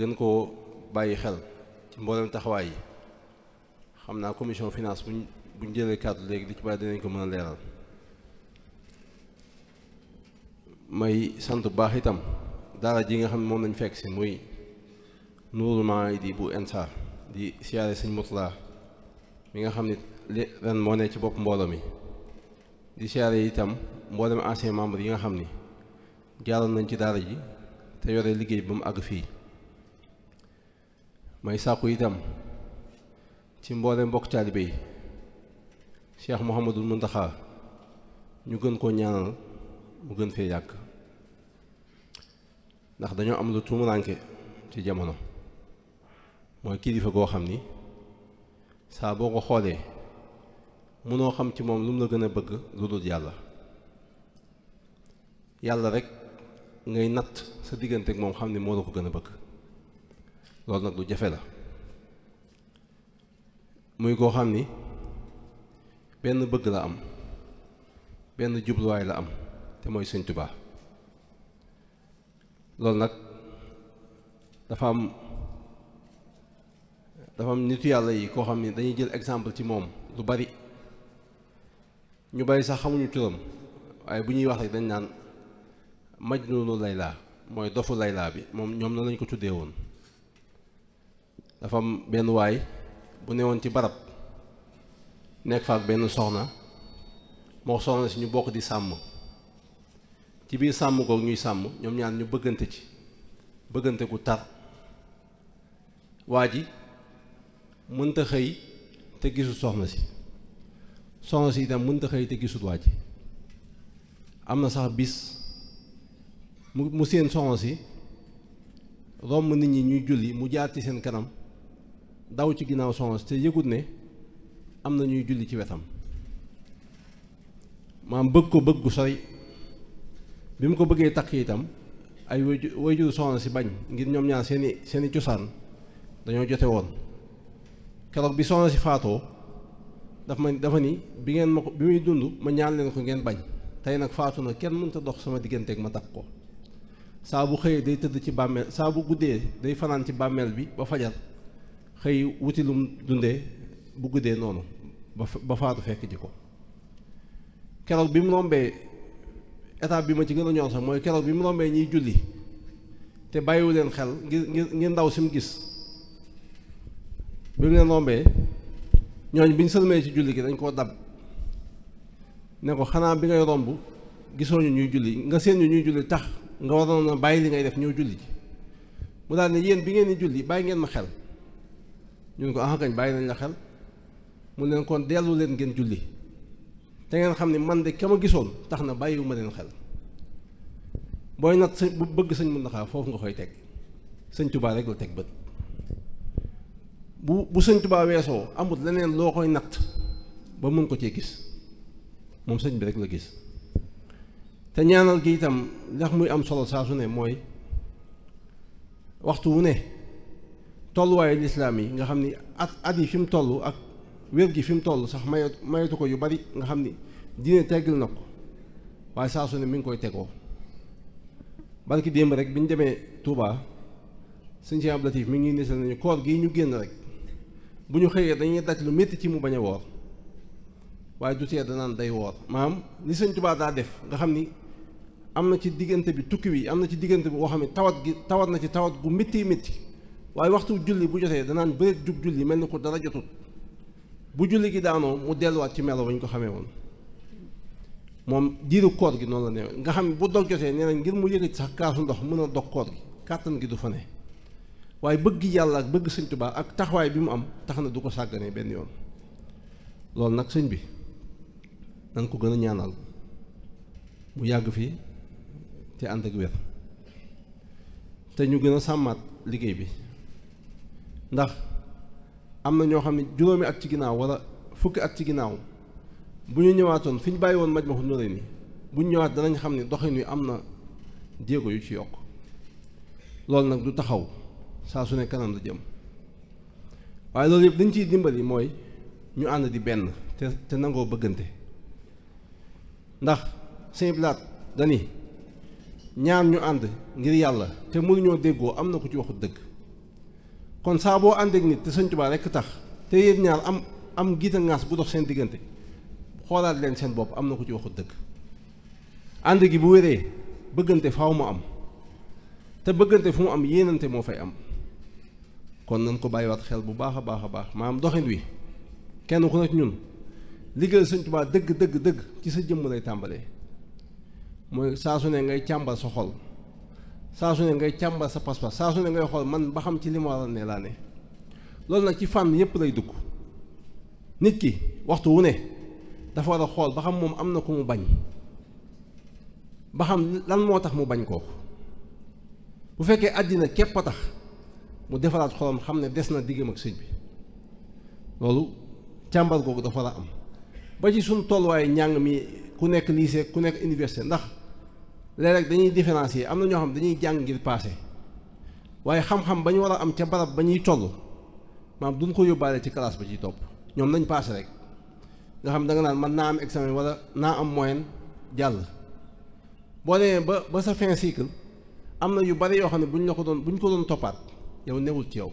gën koo bàyyi xel ci mboolem taxawaay yi xam naa commission finance buñ buñ jëlee kàddu léegi li ci bari dinañ ko mën a leeral may sant bu baax itam daara ji nga xam ne moom lañ fekk si muy Nuurul Maaydi bu Ensar di siyaare sëñ Mutla mi nga xam ne li ren moo ne ci bopp mbooloo mi di siyaare itam mboolem ancien membre yi nga xam ni jaaroon nañ ci daara ji te yore liggéey ba mu àgg fii may sàkku itam ci mboole mbokk taalibe yi Cheikh Mouhamadul Muntaxa ñu gën koo ñaanal mu gën fee yàgg ndax dañoo am lu tuumuraanke ci jamono mooy kilifa goo xam ni saa boo ko xoolee mënoo xam ci moom lu mu la gën a bëgg lu dul yàlla yàlla rek ngay natt sa diggante ak moom xam ne moo la ko gën a bëgg loolu nag lu jafe la muy koo xam ni benn bëgg la am benn jubluwaay la am te mooy Sëñ Tuubaa loolu nag dafa am dafa am nit yàlla yi koo xam ni dañuy jël exemple ci moom lu bari ñu bari sax xamuñu turam waaye bu ñuy wax rek dañ naan Majnuunu Layla mooy dofu laylaa bi moom ñoom na lañ ko tuddee woon dafa am benn waay bu newoon ci barab nekk fa ak benn soxna moo soxna si ñu bokk di sàmm ci biir sàmm googu ñuy sàmm ñoom ñaar ñu bëggante ci bëggante ku tar waa ji mënta xëy te gisul soxna si soxna si itam mënta xëy te gisul waa ji am na sax bis mu mu seen soxna si romb nit ñi ñuy julli mu jaar ci seen kanam daw ci ginnaaw Soxna te yëgut ne am na ñuy julli ci wetam maam bëgg ko bëgg soy sori bi mu ko bëggee takk itam ay way wayjur Soxna si bañ ngir ñoom ñaar seeni seeni cosaan dañoo jote woon keroog bi Soxna si faatoo dafa ma dafa ni bi ngeen ma ko bi muy dund ma ñaan leen ko ngeen bañ tey nag faatu na kenn mënta dox sama digganteeg ma takk ko saa bu xëyee day tëdd ci bàmmeel saa bu guddee day fanaan ci bàmmeel bi ba fajar xëy wuti lum dunde bu guddee noonu ba faatu fekk ji ko keroog bi mu rombee étape bi ma ci gën a ñor sax mooy keroog bi mu rombee ñiy julli te bàyyiwu leen xel ngir ndaw si mu gis bi mu leen rombee ñooñ bi ñu sëlmee ci julli gi dañ koo dab ne ko xanaa bi ngay romb gisoo ñu ñuy julli nga seen ñu ñuy julli tax nga waroon a bàyyi li ngay def ñëw julli ji mu daal ne yéen bi ngeen di julli bàyyi ngeen ma xel ñu ne ko ah bàyyi nañ la xel mu leen dellu leen ngeen julli te ngeen xam ne man de ka gisoon tax na bàyyiwu ma leen xel booy nat bëgg sëñ Muntaxa foofu nga koy teg sëñ Tuubaa teg bët bu bu weesoo amut leneen loo koy natt ba mën ko cee gis moom sëñ bi rek la gis te ñaanal gi itam ndax muy am solo saa su ne mooy waxtu wu ne tolluwaayu lislaam yi nga xam ni at at yi fi mu toll ak wér gi fi mu toll sax mayatu mayatu ko yu bari nga xam ni diine teggil na ko waaye saa su ne mi ngi koy tegoo barki démb rek bi ñu demee Touba sëñ Cheikh Abdou Latif mi ngi nisal nañu koor gii ñu génn rek bu ñu xëyee dañuy daj lu métti ci mu bañ a woor waaye du tee danaan day woor maam li sëñ Touba daa def nga xam ni am na ci diggante bi tukki wi am na ci diggante bi boo xam ne tawat gi tawat na ci tawat gu métti métti waaye waxtu julli bu jotee danaan bëreet jub julli mel ni ko dara jotut bu julli gi daanoo mu delluwaat ci melo ba ñu ko xamee woon moom diiru koor gi noonu la neew nga xam bu dog jotee nee na ngir mu yëkkati sax kaasu ndox mën a dog koor gi kàttan gi du fa ne waaye bëgg yàlla ak bëgg sëñ Tuubaa ak taxawaay bi mu am tax na du ko sàggane benn yoon loolu nag sëñ bi nan ko gën a ñaanal mu yàgg fii te ànd ak wér te ñu gën a sàmmaat liggéey bi ndax am na ñoo xam ne juróomi at ci ginnaaw wala fukki at ci ginnaaw bu ñu ñëwaatoon fi ñu bàyyi woon Majmahun Nurayni bu ñu ñëwaat danañ xam ne doxin wi am na jéego yu ci yokk loolu nag du taxaw saa su ne kanam la jëm waaye loolu yëpp dañ ciy dimbali mooy ñu ànd di benn te te nangoo bëggante ndax sëñ Blaat dani ñaar ñu ànd ngir yàlla te mënuñoo déggoo am na ku ci waxut dëkk kon saa boo ànd ak nit te sëñ rekk tax te yéen ñaar am am giita ngaas bu dox seen diggante xoolaat leen seen bopp am na ko ci waxut dëgg ànd gi bu wéree bëggante faaw mu am te bëggante fu mu am yéenante moo fay am kon nañ ko bàyyiwaat xel bu baax a baax a baax maanaam doxin wi kenn ku nekk ñun liggéey sëñ dëgg dëgg dëgg ci sa jëmm lay tàmbalee mooy saa su ne ngay càmbar sa xol saa su ne ngay càmbar sa pas-pas saa su ne ngay xool man ba xam ci li ma ne laa ne loolu nag ci fànn yépp lay dugg nit ki waxtu wu ne dafa war a xool ba xam moom am na ko mu bañ ba xam lan moo tax mu bañ kooku bu fekkee àddina képp a tax mu defaraat xolam xam ne des na diggam ak sëñ bi loolu càmbar googu dafa war a am ba ci suñu tolluwaay njàng mi ku nekk liise ku nekk université ndax léeg dañuy différencier am na ñoo xam dañuy jàng ngir passé waaye xam-xam ba war a am ca barab ba ñuy toll maam duñ ko yóbbaale ci classe ba ciy topp ñoom nañ passé rek nga xam da nga naan man naa am examen wala naa am moyenne jàll boo demee ba ba sa fin cycle am na yu bari yoo xam ne bu ñu la ko doon bu ko doon toppaat yow newul ci yow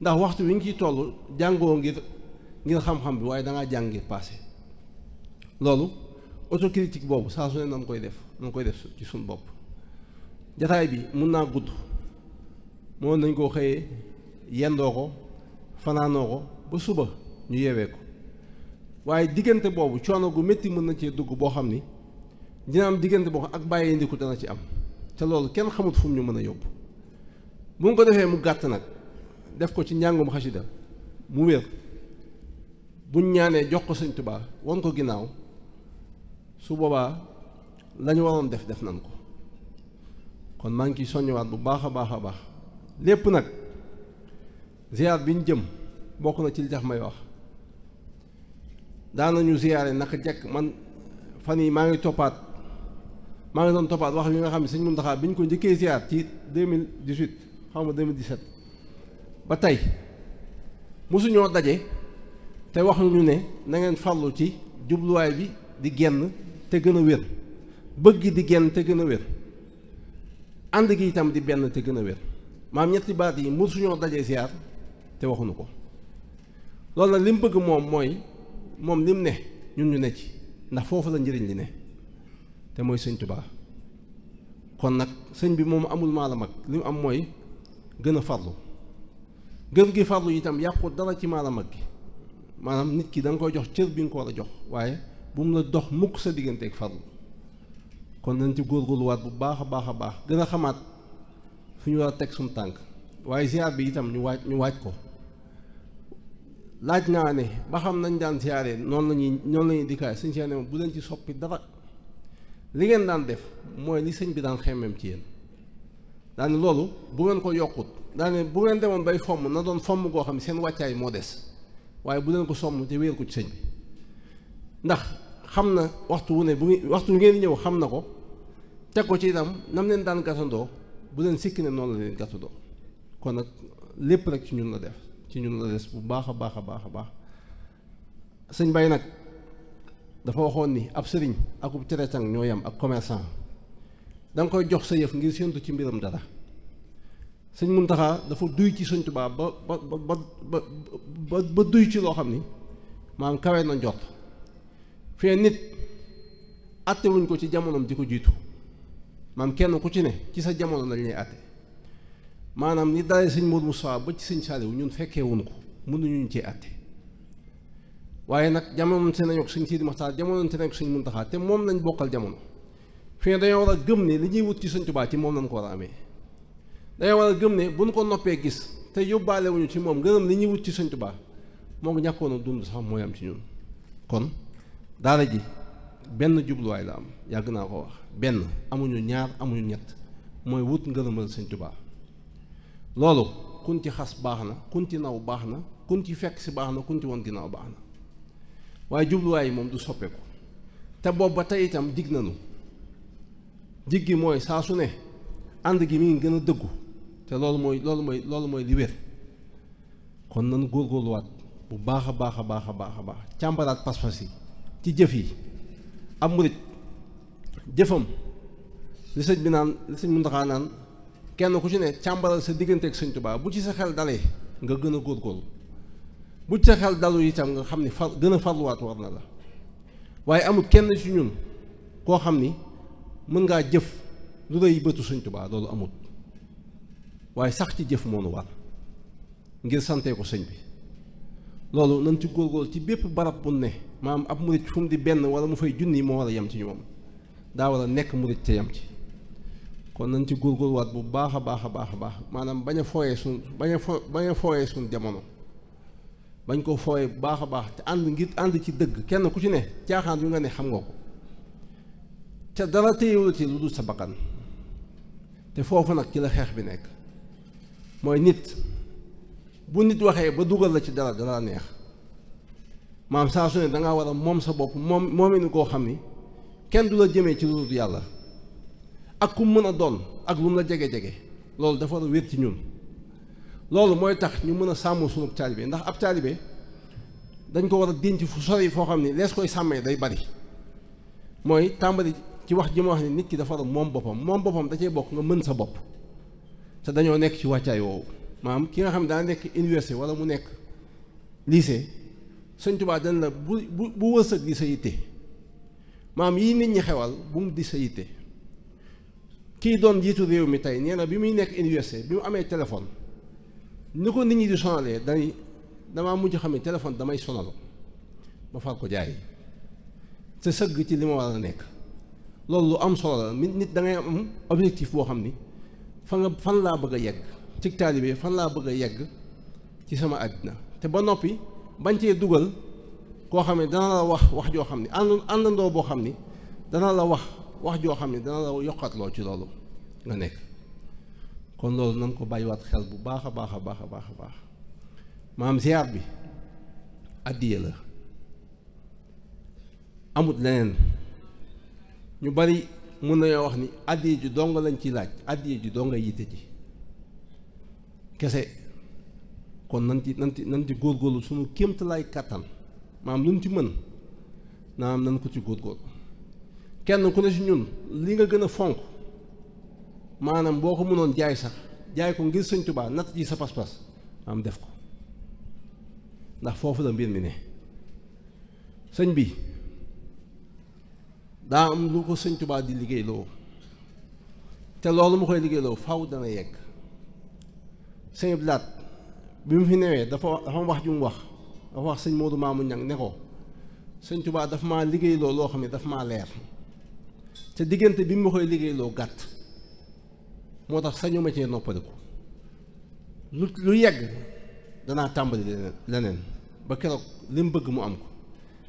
ndax waxtu wi ñu ciy toll jàngoo ngir ngir xam-xam bi waaye dangaa ngaa jàng ngir passé loolu autocritique boobu saa su ne na koy def noo koy def ci suñ bopp jataay bi mun naa gudd moo nañ koo xëyee yendoo ko fanaanoo ko ba suba ñu yeewee ko waaye diggante boobu coono gu métti mën na cee dugg boo xam ni dina am diggante boo xam ak bàyyee ndiku dana ci am te loolu kenn xamut fu ñu mën a yóbbu bu mu ko defee mu gàtt nag def ko ci njàngum xasida mu wér buñ ñaanee jox ko sëñ Tuubaa won ko ginnaaw su boobaa la ñu waroon def def nañ ko kon maa ngi ciy soññiwaat bu baax a baax a baax lépp nag ziar bi ñu jëm bokk na ci li tax may wax daanañu ziyaare naka jekk man fan yi maa ngi toppaat maa ngi doon toppaat wax yi nga xam ne sëñ Muntaxa bi ñu ko njëkkee ziar ci 2018 xaw ma 2017 ba tey mosuñoo daje te waxuñu ne nangeen ngeen farlu ci jubluwaay bi di genn te gën a wér bëgg di genn te gën a wér ànd gi itam di benn te gën a wér maam ñetti baat yi mosuñoo dajee ziar te waxuñu ko loolu nag lim bëgg moom mooy moom lim ne ñun ñu ne ci ndax foofu la njëriñ li ne te mooy sëñ Tuubaa kon nag sëñ bi moom amul maa la mag li am mooy gën a farlu gën gi farlu itam yàqu dara ci maa la mag gi maanaam nit ki danga koy jox cër bi nga ko war a jox waaye bu mu la dox mukk sa diggante ak farlu kon nañ ci góor góorgóorluwaat bu baax a baax a baax gën a xamaat fu ñu war a teg suñu tànk waaye ziar bi itam ñu waaj ñu waaj ko laaj naa ne ba xam nañ daan ziaree noonu la ñuy noonu la ñuy dikkaay suñ seen ne bu leen ci soppi dara li ngeen daan def mooy li sëñ bi daan xemmeem ci yéen daane loolu bu ngeen ko yokkut daane bu ngeen demoon bay fomm na doon fomm goo xam ne seen wàccaay moo des waaye bu leen ko somm te wéer ko ci sëñ bi ndax xam na waxtu wu ne bu waxtu ngeen ñëw xam na ko teg ko ci itam nam leen daan gasandoo bu leen sikki ne noonu la leen gasandoo kon nag lépp rek ci ñun la def ci ñun la des bu baax a baax a baax a baax sëñ Baye nag dafa waxoon ni ab sëriñ akub traitant ñoo yam ak commerçant da koy jox sa yëf ngir séentu ci mbiram dara sëñ taxaa dafa duy ci sëñ Tuubaa ba ba ba ba ba duy ci loo xam ni maanaam kawe na njort fi ne nit attewuñ ko ci jamonoom di ko jiitu maam kenn ku ci ne ci sa jamono lañ lay atte maanaam ni dalee sëñ Modou Moussa ba ci sëñ Saliou ñun fekkee wuñ ko mënuñu ñu cee atte waaye nag jamononte nañu ko sëñ Sidi Maxtaar jamononte nañu ko sëñ Muntaxaa te moom lañ bokkal jamono fi ne dañoo war a gëm ne li ñuy wut ci sëñ Tubaa ci moom lañ ko war a amee dañoo war a gëm ne bu ñu ko noppee gis te yóbbaale ci moom ngërëm li ñuy wut ci sëñ Tubaa moo ngi a dund sax mooy am ci ñun kon daara ji benn jubluwaay la am yàgg naa ko wax benn amuñu ñaar amuñu ñett mooy wut ngërëmal sëñ Tuubaa loolu kun ci xas baax na kun ci naw baax na kun ci fekk si baax na kun ci won ginnaaw baax na waaye jubluwaay yi moom du soppeeku te boobu ba tey itam jig nañu dig gi mooy saa su ne ànd gi mi ngi gën a dëggu te loolu mooy loolu mooy loolu mooy li wér kon nan góorgóorluwaat bu baax a baax a baax a baax a baax càmbaraat pas-pas yi ci jëf yi am murit jëfam li sëñ bi naan li sëñ Muntaxa naan kenn ku ci ne càmbaral sa diggante ak sëñ Tuubaa bu ci sa xel dalee nga gën a góorgóorlu bu ci sa xel dalu itam nga xam ni far gën a farluwaat war na la waaye amul kenn ci ñun koo xam ni mën ngaa jëf lu rëy bëtu sëñ tubaa loolu amut waaye sax ci jëf moo war ngir sante sëñ bi loolu nañ ci góorgóorlu ci bépp barab bu ne maam ab murit fu mu di benn wala mu fay junni moo war a yem ci ñoom daa war a nekk murit te yam ci kon nañ ci góorgóorluwaat bu baax a baax a baax a baax maanaam bañ a fooyee suñ bañ a fo bañ a fooyee suñ jamono bañ ko fooyee bu baax a baax te ànd ngir ànd ci dëgg kenn ku ci ne caaxaan yu nga ne xam nga ko ca dara téyewul ci lu dul sa bakkan te foofu nag ci la xeex bi nekk mooy nit bu nit waxee ba dugal la ci dara dara neex maam saa su ne dangaa war a moom sa bopp moom moome ni koo xam ni kenn du la jëmee ci lu dul yàlla ak ku mën a doon ak lu mu la jege-jege loolu dafa war a wér ci ñun loolu mooy tax ñu mën a sàmm suñu taalibe ndax ab taalibe dañ ko war a denc fu yi foo xam ne lees koy sàmmee day bari mooy tàmbali ci wax ji ma wax ne nit ki dafa war moom boppam moom boppam da bokk nga mën sa bopp te dañoo nekk ci wàccaay woowu maam ki nga xam ne daa nekk université wala mu nekk lycée sëñ Tuubaa dañ la bu bu bu wërsëg di sa yitte maam yi nit ñi xewal bu mu di sa yitte kii doon jiitu réew mi tey nee na bi muy nekk université bi mu amee téléphone ni ko nit ñi di sonalee dañuy damaa mujj xam ne téléphone damay sonalo ma far ko jaay te sëgg ci li ma war a nekk loolu lu am solo la nit da am objectif boo xam ni fan fan laa bëgg a yegg ci taalibe fan laa bëgg a yegg ci sama àddina te ba noppi. bañ cee dugal koo xam ne dana la wax wax joo xam ne ànd àndandoo boo xam ni dana la wax wax joo xam ne dana la yokkatloo ci loolu nga nekk kon loolu na ko bàyyiwaat xel bu baax a baax a baax a baax a baax maam ziar bi addiye la amut leneen ñu bari mun nañoo wax ni addiye ji dong lañ ci laaj addiye ji dong nga yitte ji kese kon nan ci nan ci nan ci góorgóorlu suñu kàttan maanaam lu ñu ci mën naam nan ko ci góorgóorlu kenn ku ne si ñun li nga gën a fonk maanaam boo ko mënoon jaay sax jaay ko ngir sëñ Tuubaa natt ji sa pas-pas maanaam def ko ndax foofu la mbir mi ne sëñ bi daa am lu ko sëñ Tuubaa di liggéey loo te loolu mu koy liggéey loo faw dana yegg sëñ laat bi mu fi newee dafa dafa am wax ju mu wax dafa wax sëñ Modou Mamou Niang ne ko sëñ Touba dafa maa liggéeyloo loo xam ne dafa maa leer te diggante bi mu ma koy liggéeyloo gàtt moo tax sañu ma ci noppaliku lu lu yegg danaa tàmbali leneen ba keroog li mu bëgg mu am ko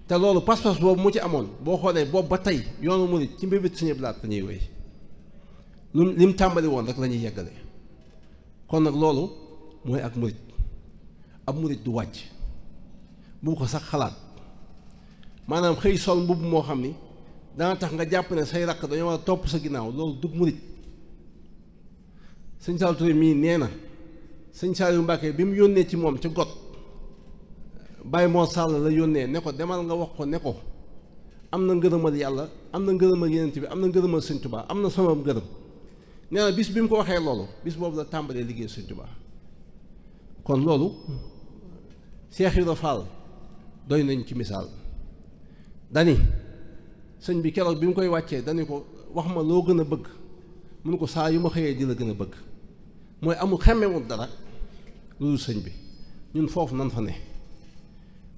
te loolu pas-pas boobu mu ci amoon boo xoolee boobu ba tey yoonu murit ci mbébét sëñ Abdou Lahad la ñuy wéy lu li mu tàmbali woon rek lañuy ñuy kon nag loolu mooy ak murit ab murit du wàcc bu ko sax xalaat maanaam xëy sol mbubb moo xam ni dana tax nga jàpp ne say raq dañoo war a topp sa ginnaaw loolu du murit sëñ Saliou Touré mii nee na sëñ Saliou Mbacke bi mu yónnee ci moom ca got Baye Mor Sall la yónnee ne ko demal nga wax ko ne ko am na ngërëmal yàlla am na ngërëmal yenent bi am na ngërëmal sëñ Touba am na sama ngërëm nee na bis bi mu ko waxee loolu bis boobu la tàmbalee liggéey sëñ Touba kon loolu Cheikh Ibra Fall doy nañ ci misaal dani sëñ bi keroog bi mu koy wàccee dani ko wax ma loo gën a bëgg mun ko saa yu ma xëyee di la gën a bëgg mooy amul xemmewul dara lu sëñ bi ñun foofu nan fa ne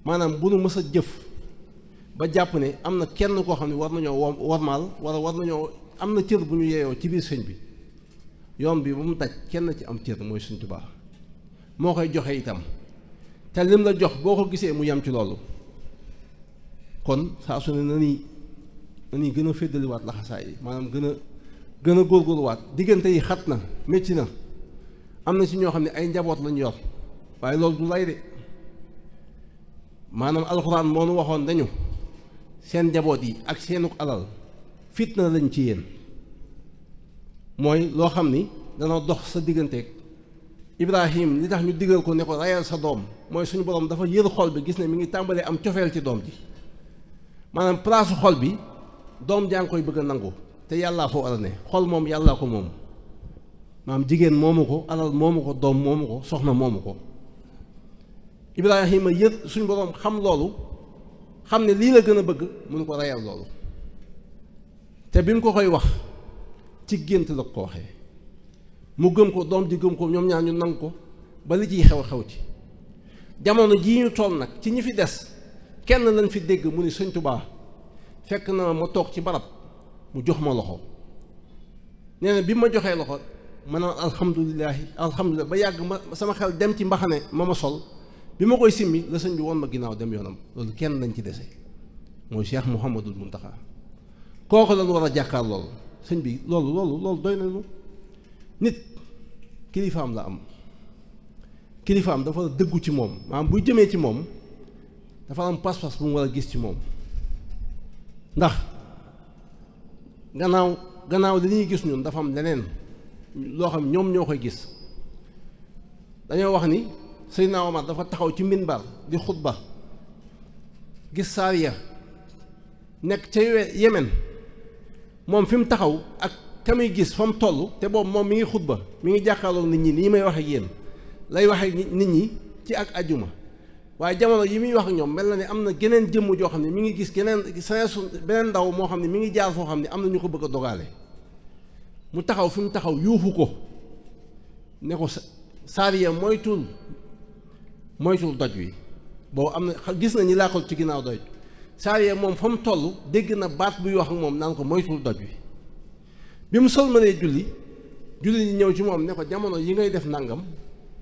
maanaam bu nu mës a jëf ba jàpp ne am na kenn koo xam ne war nañoo wo warmaal wala war nañoo am na cër bu ñu yeeyoo ci biir sëñ bi yoon bi ba mu daj kenn ci am cër mooy sëñ Tuubaa moo koy joxe itam te lim la jox boo ko gisee mu yam ci loolu kon saa su na ni na ni gën a féddaliwaat laxasaay yi maanaam gën a gën a góorgóorluwaat diggante yi xat na metti na am na si ñoo xam ne ay njaboot lañu yor waaye lool du lay de maanaam alxuraan moo nu waxoon dañu seen njaboot yi ak seenu alal fitna lañ ci yéen mooy loo xam ni dana dox sa digganteek Ibrahim li tax ñu digal ko ne ko rayal sa doom mooy suñu borom dafa yër xol bi gis ne mu ngi tàmbalee am cofeel ci doom ji maanaam place xol bi doom jaa ngi koy bëgg a nangu te yàllaa fa war ne xol moom yàllaa ko moom maam jigéen moomu ko alal moomu ko doom moomu ko soxna moomu ko Ibrahima yër suñu borom xam loolu xam ne lii la gën a bëgg mun ko rayal loolu te bi mu ko koy wax ci gént la ko waxee mu gëm ko doom ji gëm ko ñoom ñaa ñu nangu ko ba li ciy xew xew ci jamono jii ñu tool nag ci ñi fi des kenn lañ fi dégg mu ni sëñ Tubaa fekk na ma toog ci barab mu jox ma loxo nee na bi ma joxee loxo ma naan alhamdulilahi alhamdulilah ba yàgg ma sama xel dem ci mbaxane ma ma sol bi ma koy simmi la sëñ bi woon ma ginnaaw dem yoonam loolu kenn lañ ci dese mooy Cheikh Mouhamadul Muntaxa kooku lañ war a jàkkaar loolu sëñ bi loolu loolu loolu doy nit kilifaam la am kilifaam dafa dëggu ci moom maanaam buy jëmee ci moom dafa am pas-pas bu mu war a gis ci moom ndax gannaaw gannaaw li ñuy gis ñun dafa am leneen loo xam ñoom ñoo koy gis dañoo wax ni Seydina Omar dafa taxaw ci minbar di xutba gis saariya nekk ca Yemen moom fi mu taxaw ak ka muy gis fa mu toll te boobu moom mi ngi xutba mi ngi jàkkaarloo nit ñi nii may wax yéen lay wax ak nit ñi ci ak ajuma waaye jamono yi muy wax ak ñoom mel na ne am na geneen jëmm joo xam ne mi ngi gis geneen seneesu beneen ndaw moo xam ne mi ngi jaar foo xam ne am na ñu ko bëgg a mu taxaw fi mu taxaw yuuxu ko ne ko saariya moytul moytul doj wi boobu am na gis na ñi laa ci ginnaaw doj saariya moom fa mu toll dégg na baat buy wax ak moom naan ko moytul doj wi bi mu sol mënee julli julli ñi ñëw ci moom ne ko jamono yi ngay def nangam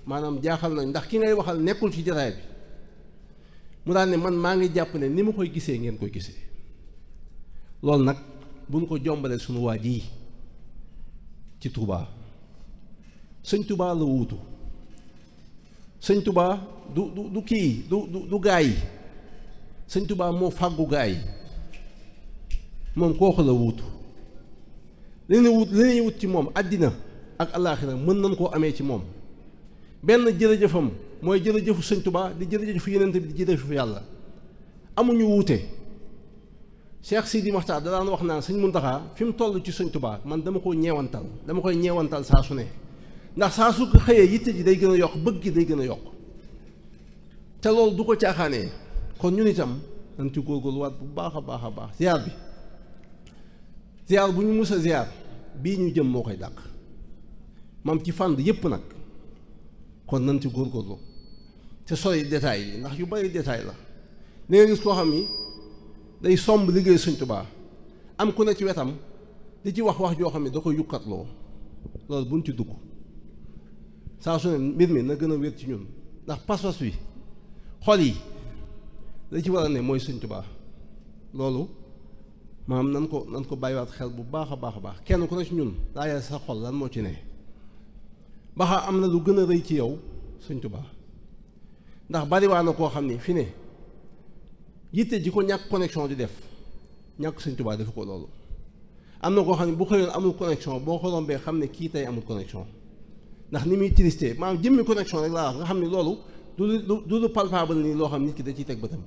maanaam jaaxal nañ ndax ki ngay waxal nekkul ci jataay bi mu daal ne man maa ngi jàpp ne ni ma koy gisee ngeen koy gisee loolu nag buñ ko jombalee sunu waa ji ci tubaa sëñ Touba la wuutu sëñ Touba du du du kii du du du gaa yi sëñ tubaa moo fàggu gaa yi moom kooku la wuutu. li ñuy wut li ñuy ci moom àddina ak alaaxira mën nañ koo amee ci moom benn jërëjëfam mooy jërëjëfu sëñ Tuubaa di jërëjëfu yeneen bi di jërëjëfu yàlla amuñu wuute Cheikh di Maxtaar da daan wax naan sëñ Muntaxaa fi mu toll ci sëñ Tuubaa man dama ko ñeewantal dama koy ñeewantal saa su ne ndax saa su ko xëyee yitte ji day gën a yokk bëgg gi day gën a yokk te loolu du ko caaxaanee kon ñun itam dañ ci góorgóorluwaat bu baax a baax a baax ziar bi ziar bu ñu mus a bii ñu jëm moo koy dàq maam ci fànd yépp nag kon nan góor góorgóorlu te sori détails yi ndax yu bari détail la da nga gis koo xam ni day somb liggéey Sëñ am ku ne ci wetam li ci wax wax joo xam ne da ko yukkatloo loolu buñ ci dugg saa su ne mbir mi na gën a wér ci ñun ndax pas wi xol yi li ci war a ne mooy Sëñ Tuubaa loolu maanaam nan ko nan ko bàyyiwaat xel bu baax a baax a baax kenn ko ne ci ñun daa yar sa xol lan moo ci ne baxa am na lu gën a rëy ci yow Sëñ Tuubaa ndax bariwaa na koo xam ne fi ne yitte ji ko ñàkk connexion di def ñàkk Sëñ Tuubaa defu ko loolu am na koo xam ne bu xëyoon amul connexion boo ko rombee xam ne kii tey amul connexion ndax ni muy triste maanaam jëmmi connexion rek laa wax nga xam ne loolu du lu du lu palpable nii loo xam nit ki da ciy teg bëtam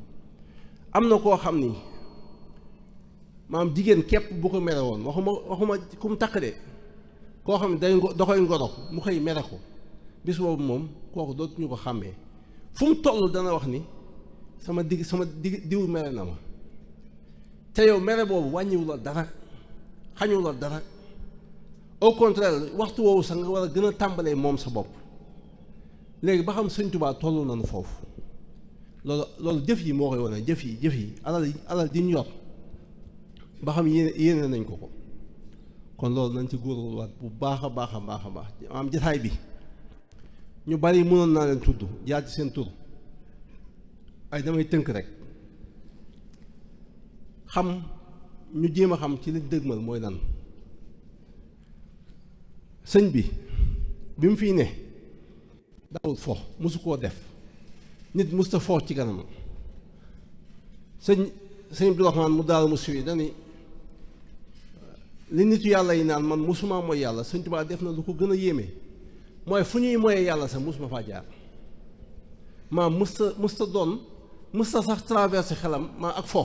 maanaam jigéen képp bu ko mere woon waxuma waxuma ku mu takk de koo xam ne day da koy ngoro mu xëy mere ko bis boobu moom kooku dootuñu ko xàmmee fu mu toll dana wax ni sama digg sama digg diw mere na ma te yow mere boobu wàññiwu la dara xañu la dara au contraire waxtu woowu sax nga war a gën a tàmbalee moom sa bopp léegi ba xam sëñ Tuubaa toll nañu foofu loolu loolu jëf yi moo koy wane jëf yi jëf yi alal alal di ñu yor ba xam yéen yéene nañ ko ko kon loolu nañ ci góorgóorluwaat bu baax a baax a baax a baax am jataay bi ñu bari mënoon naa leen tudd jaar ci seen tur ay damay tënk rek xam ñu jéem a xam ci liñ dëgmal mooy lan sëñ bi bi mu fii ne daawul fo mosu koo def nit mosut a fo ci kanam sëñ sëñ Abdou Rahmane mu daaru mu siwi dani li nitu yàlla yi naan man mosuma mooy yàlla sëñ Tuubaa def na lu ko gën a yéeme mooy fu ñuy mooyee yàlla sax musuma faa jaar maa musta musta doon musta sax traversé xelam maa ak fo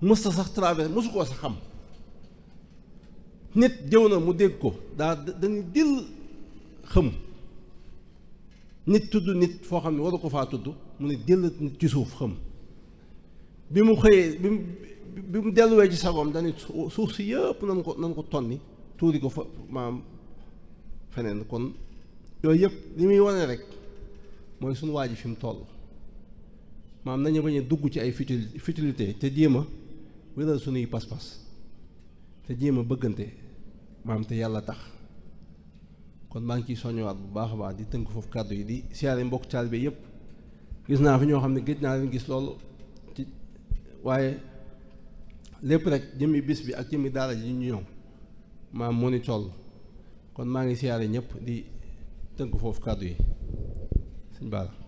musta sax traversé mosu koo sax xam nit jëw na mu dégg ko daa dañuy dil xëm nit tudd nit foo xam ne waru ko faa tudd mu ne dil nit ci suuf xëm bi mu xëyee bi mu bi mu delluwee ci sagoom dañuy suuf si yëpp nan ko nan ko ton ni tuuri ko fa maam feneen kon yooyu yëpp li muy wane rek mooy suñu waa ji fi mu toll maam nañu bañ dugg ci ay futili te jéema a wéral suñuy pas-pas te jéem a bëggante maam te yàlla tax kon maa ngi ciy bu baax a baax di tënk foofu kàddu yi di siyaare mbokk taalibe yëpp gis naa fi ñoo xam ne gëj naa leen gis loolu waaye lépp rek jëmmi bis bi ak jëmmi daara ji ñu ñëw maam moo ni toll kon maa ngi siyaare ñëpp di tënk foofu kàddu yi sëñ Bara